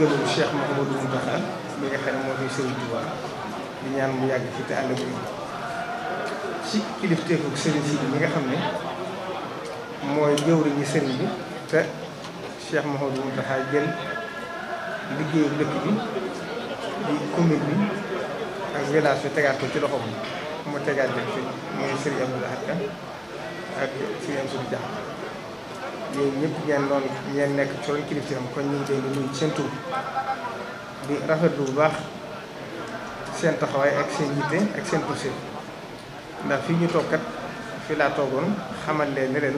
ndigalul Cheikh Mouhamadou Mountakha mi nga xam ne moo fi Serigne Touba di ñaan mu yàgg fi te àll bi ci kilifteefu Serigne si mi nga xam ne mooy jëwriñu Serigne bi te Cheikh Mouhamadou Mountakha jël liggéeyu dëkk bi di commune bi ak village yu tegaat ko ci loxoom mu tegaat dëkk bi mooy Serigne Abdoul Ahad yooyu ñëpp ngeen doon ngeen nekk coono kilifteem kon ñu ngi leen di nuyu seen tur di rafetlu bu baax seen taxawaay ak seen yitte ak seen posture ndax fii ñu toog kat fii laa toogoon xamal leen ne leen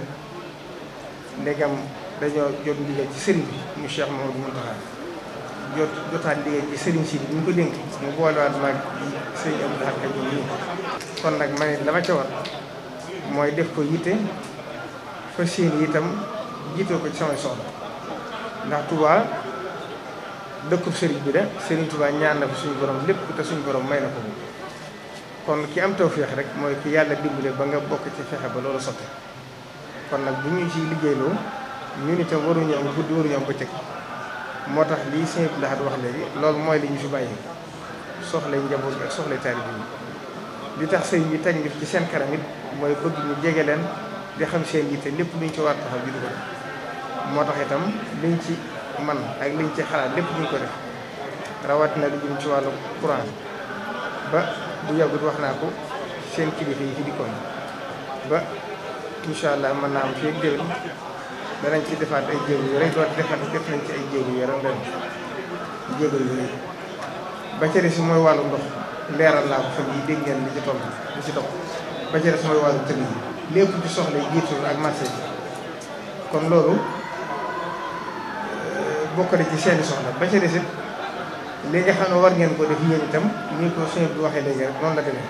ndegam dañoo jot liggéey ci sëriñ bi mu Cheikh Mamadou Mountakha jot jotaat liggéey ci sëriñ si bi ñu ko dénk mu boolewaat maag sëriñ Abdou Lahad ak ñoom kon nag ma ne la ma ca war mooy def ko yitte fa seen itam jiitoo ko ci samay soxla ndax Touba dëkkub sëriñ bi de sëriñ Touba ñaan na ko suñu borom lépp te suñu borom may na ko moom kon ki am tawféex rek mooy ki yàlla dimbale ba nga bokk ci fexe ba loolu sotti kon nag bu ñu ciy liggéeyloo ñu ni tam waruñu am guddi waruñu am bëccëg moo tax lii sëñ Abdou Lahad wax léegi loolu mooy li ñu fi bàyyi soxlay njaboot bi ak soxlay taalib yi li tax sëriñ bi ngi fi ci seen kanam it mooy bëgg ñu jege leen di xam seen yitte lépp luñ ci war taxaw ji moo tax itam liñ ci man ak liñ ci xalaat lépp duñ ko def rawatina lu jëm ci wàllu courant ba bu yàggut wax naa ko seen kilifa yi ci dikkoon ba incha allah mën naa am fii ak déwén defaat ay jéego yu rek doot defaat def nañ ci ay jéego yu ren ren mooy wàllu ndox leeral naa ko fa yi dégg ngeen li ci toll li ci topp ba ca des mooy wàllu tënk yi lépp ci soxla jiitu ak marché bi kon loolu. bokk na ci seeni soxla ba ca des it li xam ne war ngeen ko def yéen itam ni ko suñu bu waxee léegi rek noonu la demee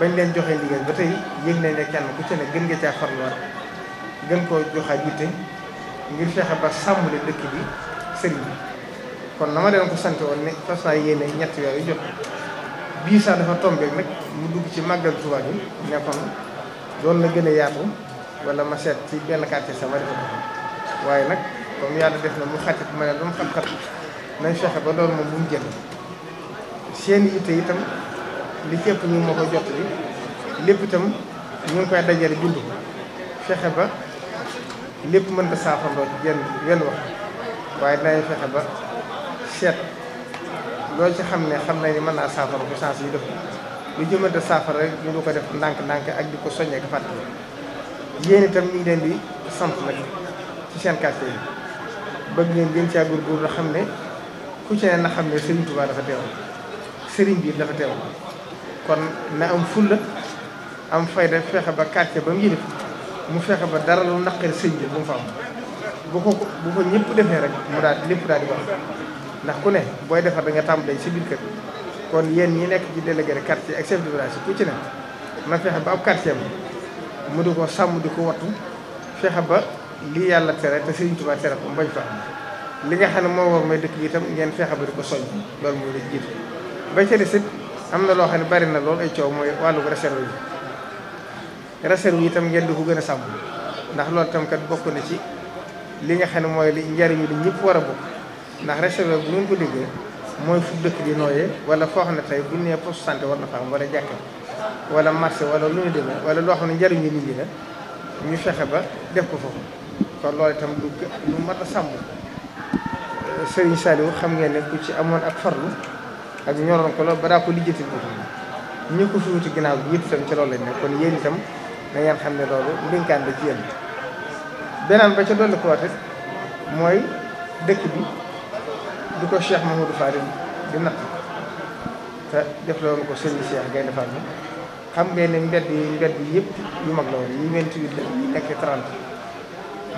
bañ leen joxe ndigal ba tey yëg nañ ne kenn ku ci ne gën gi caa farluwaat gën koo joxaat yitte ngir fexe ba sàmmule dëkk bi sëriñ kon na ma leen ko sant woon ne fas naa yéene ñetti weer yu jot bii sax dafa tombé nag mu dugg ci màggal Tuubaa bi ne kon doon la gën a yaatu wala ma seet ci benn quartier sama defa ko waaye nag comme yàlla def na mu xati ma ne lu mu xat-xat nañ fexe ba loolu moom bu mu jënd seen yitte itam li képp ñu ma ko jot bi lépp itam ñu ngi koy dajale bind ko fexe ba lépp mën da saafandoo ci genn genn wax waaye dinañ fexe ba seet loolu ci xam ne xam nañ ni mën naa saafara ko chance yi def lu jëmale da saafara rek ñu ngi ko def ndànk-ndànk ak di ko soññee ka fàttali yéen itam ñu ngi leen di sant nag ci seen quartier yi Bagi ngeen gën ci agur gur xam ne ku ci na xam sering serigne touba dafa teew serigne bi dafa kon na am fulla am fayda fexe ba quartier ba ngi def mu fexe ba dara lu naqari serigne bi bu mu fa am bu ko bu ko ñepp defé rek mu daal lepp daal di wax ndax ku ne boy kon yeen ni nekk ci délégué de quartier ak chef de village ku ci ne ma fexe ba ab quartier mu du ko sam di lii yàlla tere te Sëriñ Tuubaa tere ko bañ ko am li nga xam ne moo war may dëkk bi itam ngeen fexe ba di ko soññ loolu mooy la jiitu ba ca des it am na loo xam ne bari na lool ay coow mooy wàllu réserve yi réserve yi itam ngeen di ko gën a sàmm ndax loolu itam kat bokk na ci li nga xam ne mooy li njariñu li ñëpp war a bokk ndax réserve bu ngeen ko déggee mooy fu dëkk di nooyee wala foo xam ne tey bu nee poste santé war na fa am wala jàkka wala marché wala lu ñu demee wala loo xam ne njariñu nit ñi la ñu fexe ba def ko foofu kon loolu itam lu lu mat a sàmm Serigne Saliou xam ngeen ne ku ci amoon ak farlu ak ñoroon ko lool ba daa ko lijjati boppam ñu ko fi wuti ginnaaw bi yëpp itam ci loolu lañ ne kon yéen tam da ngeen xam ne loolu ndénkaan la ci yéen beneen ba ca dolli ko watit mooy dëkk bi di ko Cheikh Mamadou Fadil di natt te def loolu ko Serigne Cheikh Gaynde Fatma xam ngeen ne mbedd yi mbedd yëpp yu mag la woon yi 28 la yi nekk 30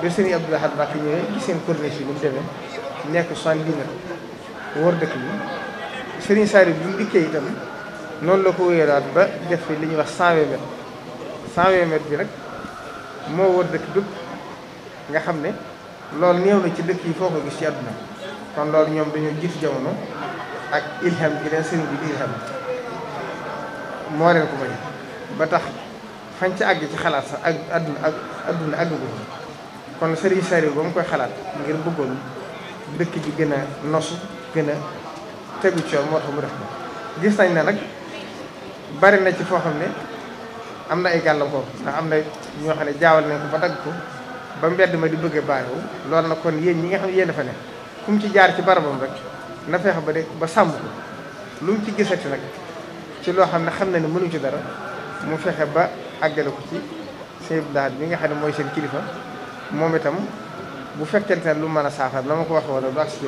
ba Serigne Abdou Lahad Mbacké ñëwee ci seen corniche ni mu demee nekk soixante dix wër dëkk bi Serigne Saliou bi mu dikkee itam noonu la ko wéyalaat ba def fi li ñuy wax cent vingt mètres cent vingt mètres bi rek moo wër dëkk bépp nga xam ne loolu néew na ci dëkk yi foo ko gis ci àdduna kon loolu ñoom dañoo jiitu jamono ak ilham gi leen sëriñ bi di ilham moo leen ko may ba tax fañ ci àgg ci xalaat sax ak àdduna ak àdduna àgg kon Serigne Saliou ba mu koy xalaat ngir bëggoon dëkk ji gën a nosu gën a tegu ci moo tax mu def ko gis nañ ne nag bari na ci foo xam ne am na ay gàllankoor ndax am na ñoo xam ne jaawal nañ ko ba dagg ko ba mbedd ma di bëgg a baarewu loolu nag kon yéen ñi nga xam ne yéen dafa ne ku mu ci jaar ci barabam rek na feex ba de ba sàmm ko lu mu ci gisati nag ci loo xam ne xam na ne mënu ci dara mu fexe ba àggale ko ci sëñ bi daal bi nga xam ne mooy seen kilifa moom itam bu fekkente lu mën a saafara la ma ko waxee woon du agsi ci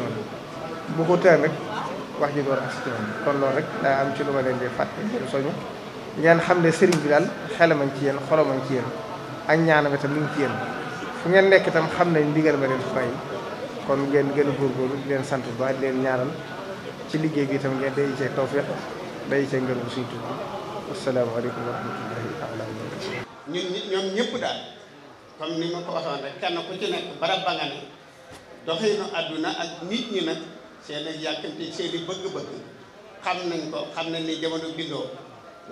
bu ko teel rek wax ji door agsi ci kon loolu rek daa am ci lu ma leen di fàtte di soñu ngeen xam ne sëriñ bi daal xelamañ ci yéen xolamañ ci yéen ak ñaanam itam mu ngi ci yéen fu ngeen nekk itam xam nañ ndigal ma leen fay kon ngeen gën a góorgóorlu di leen sant bu baax di leen ñaanal ci liggéey bi itam ngeen day cee tawfeex day cee ngërëm suñu tudd asalaamaaleykum wa rahmatullahi taala wa barakatu ñun ñoom ñëpp daal kon ni ma ko waxoon rek kenn ku ci nekk barab ba nga ne doxinu àdduna ak nit ñi nag seen i seen bëgg-bëgg xam nañ ko xam nañ ni jamono bindoo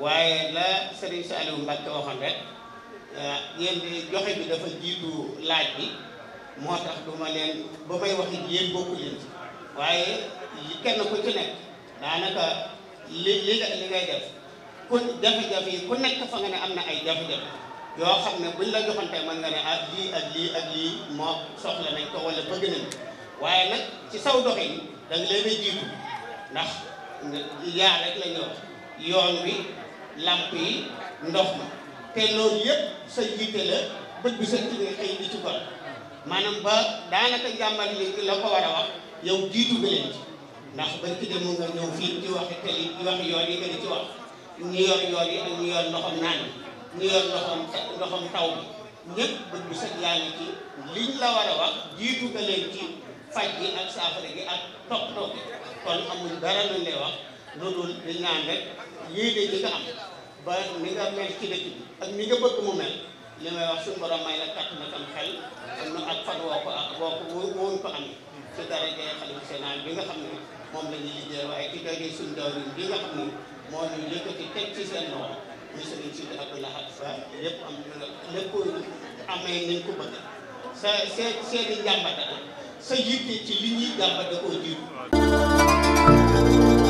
waaye la Serigne Saliou Mbacke waxoon rek eh, yéen di joxe bi dafa jiitu laaj bi moo tax du leen ba may wax it yéen bokku leen ci waaye li kenn ku ci nekk daanaka li li li ngay def ku jafe-jafe ku nekk fa nga ne am na ay jafe-jafe. yoo xam ne buñ la joxoon tey mën nga ne ah lii ak lii ak lii moo soxla nañ ko wala bëgg nañ waaye nag ci saw doxin yi nga leen a jiitu ndax yaa rek la yoon wi làmp yi ndox ma te loolu yëpp sa jiite bët bi sa ci nga xëy di ci gol ba daanaka jàmmal li la ko war a wax yow jiitu bi leen ci ndax ba ci demoo nga ñëw fii ci wax tali ci yoon yi di ci wax ñu yor yoon yi ak ñu yor ndoxam naan ñu yor ndoxam ndoxam taw bi ñëpp bët bu set yaa ngi liñ la war a wax jiitu nga leen ci faj gi ak saafara gi ak topp topp kon amul dara luñ lay wax loolu dañ naan rek lii de li nga am ba bi nga bëgg mu mel li may wax suñu borom may la kàtt na tam ci dara jee xalifa général bi nga xam ne moom la ñuy liggéey waaye ci doy suñu dawlin bi nga xam ne moo ñu yëkkati teg ci seen loxo bisa mencinta aku lah Dia leku amain yang ku bagi. Saya saya saya dijambat. Saya yuk cili ni jambat aku tu. Thank you.